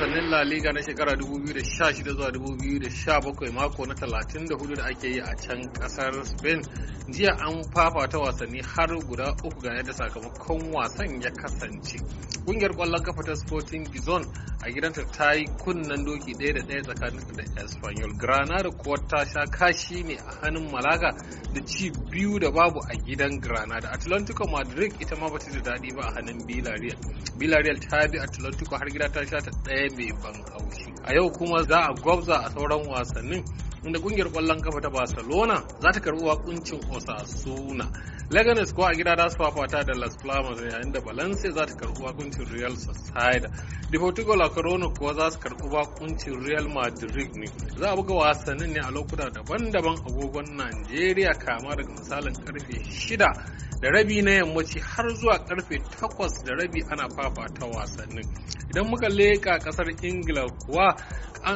wasannin La Liga na shekara 2016 zuwa 2017 mako na 34 da ake yi a can kasar Spain. Jiya an fafata wasanni har guda uku ga yadda sakamakon wasan ya kasance. Kungiyar kwallon kafa ta Sporting Gizon a gidanta ta yi kunnen doki ɗaya da ɗaya tsakanin da espanyol granada kuwa ta sha kashi ne a hannun malaga da ci biyu da babu a gidan granada atlantico madrid ita ma bata da daɗi ba a hannun villarreal bilarial ta bi atlantico har gida ta sha ta ɗaya mai ban haushi a yau kuma za a gwabza a sauran wasannin inda kungiyar kwallon kafa ta barcelona za ta karbi wakuncin osasuna leganes kuwa a gida da su fafata da las palmas yayin da valencia za ta karbi wakuncin real sociedad deportivo la corona kuwa za su karbi wakuncin real madrid ne za a buga wasannin ne a lokuta daban-daban agogon najeriya kama daga misalin karfe shida da rabi na yammaci har zuwa karfe takwas da rabi ana fafata wasannin idan muka leka kasar ingila kuwa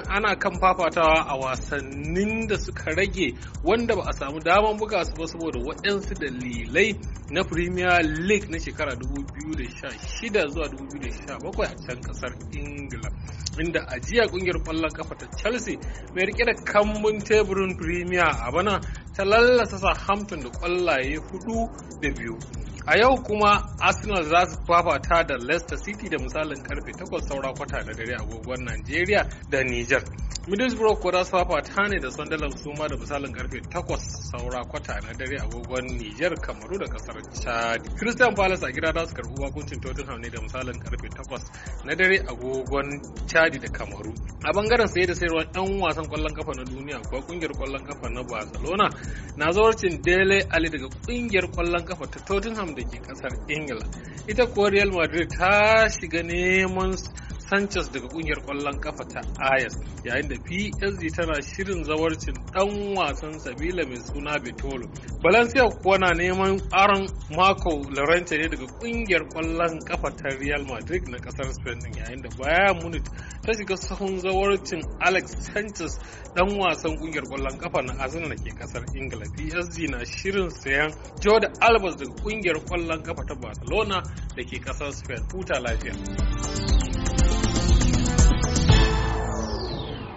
ana kan fafatawa a wasannin da suka rage wanda ba a samu daman buga su ba saboda waɗansu dalilai na premier league na shekara 2016 zuwa 2017 a can kasar ingila inda ajiya ƙungiyar kungiyar kwallon kafa ta chelsea mai rike da kambun teburin premier a bana ta lallasa hamtin da kwallaye hudu da biyu A yau kuma Arsenal za su fafata da Leicester City da misalin karfe 8 saura kwata da dare agogon Najeriya da Niger. Middlesbrough kuwa za su fafata ne da Sunderland suma da misalin karfe 8 saura kwata na dare agogon Niger, Kamaru da kasar Chad. Christian Palace a gida za su karbi bakuncin Tottenham ne da misalin karfe 8 na dare agogon Chad da Kamaru. A bangaren saye da sayarwa 'yan wasan kwallon kafa na duniya kuwa kungiyar kwallon kafa na Barcelona na zawarcin Dele Ali daga kungiyar kwallon kafa ta Tottenham da ke kasar ingila ita kuwa real madrid ta shiga neman Sanchez daga kungiyar kwallon kafa ta Ayas yayin da PSG tana shirin zawarcin dan wasan Sabila mai suna Betolo. Valencia kuwa na neman aron Marco Llorente ne daga kungiyar kwallon kafa ta Real Madrid na kasar Spain yayin da Bayern Munich ta shiga sahun zawarcin Alex Sanchez dan wasan kungiyar kwallon kafa na Arsenal ke kasar Ingila. PSG na shirin sayan Jordi Alba daga kungiyar kwallon kafa ta Barcelona da ke kasar Spain. Huta lafiya.